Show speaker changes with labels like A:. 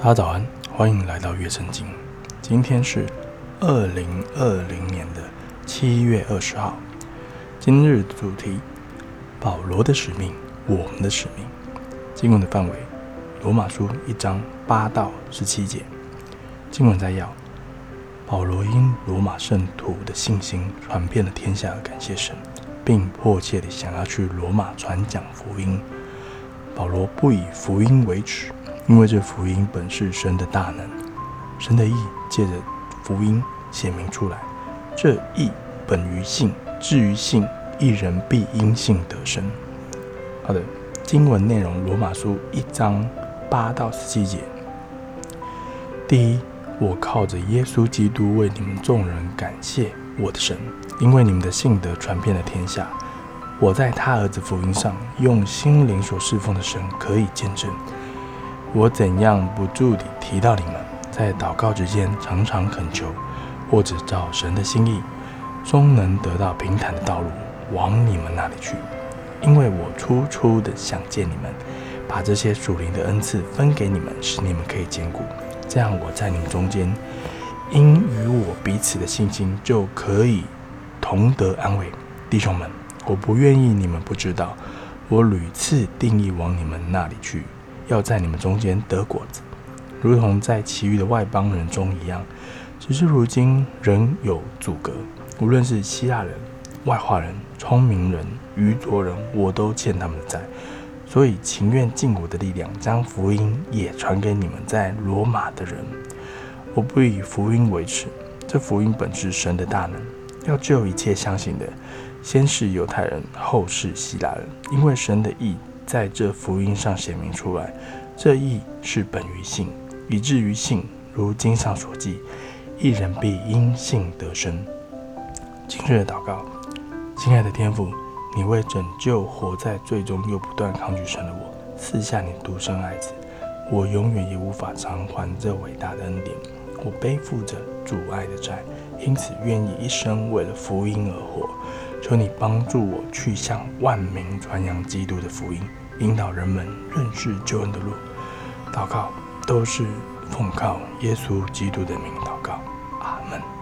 A: 大家早安，歡迎來到樂聖經。今天是二零二零年的七月二十號。今日的主題：保羅的使命，我們的使命。經文的範圍：羅馬書一章八到十七節。經文摘要：保羅因羅馬聖徒的信心傳遍了天下，而感謝神，並迫切地想要去羅馬傳講福音。保羅不以福音為恥。因為這福音本是神的大能，神的義借着福音顯明出來。這義本於信，至於信，義人必因信得生。好的，經文內容：羅馬書一章八到十七節。第一，我靠着耶穌基督為你們眾人感謝我的神，因為你們的信德傳遍了天下。我在他兒子福音上，用心靈所侍奉的神可以見證。我怎樣不住地提到你們，在禱告之間常常懇求，或者照神的心意，終能得到平坦的道路往你們那裡去，因為我切切地想見你們，把這些屬靈的恩賜分給你們，使你們可以堅固，這樣我在你們中間，因與我彼此的信心就可以同得安慰。弟兄們，我不願意你們不知道，我屢次定意往你們那裡去。要在你們中間得果子，如同在其餘的外邦人中一樣。只是如今仍有阻隔，無論是希臘人、化外人、聰明人、愚拙人，我都欠他們的債，所以情願盡我的力量，將福音也傳給你們在羅馬的人。我不以福音為恥。這福音本是神的大能，要救一切相信的，先是猶太人，後是希臘人，因為神的義。在這福音上顯明出來，這義是本於信，以至於信。如經上所記：“義人必因信得生。”清晨的禱告，親愛的天父，你為拯救活在罪中又不斷抗拒神的我，賜下你獨生愛子。我永遠也無法償還這偉大的恩典，我背負着主愛的債，因此願意一生為了福音而活。求你幫助我去向萬民傳揚基督的福音。引導人們認識救恩的路。禱告都是奉靠耶穌基督的名禱告，阿門。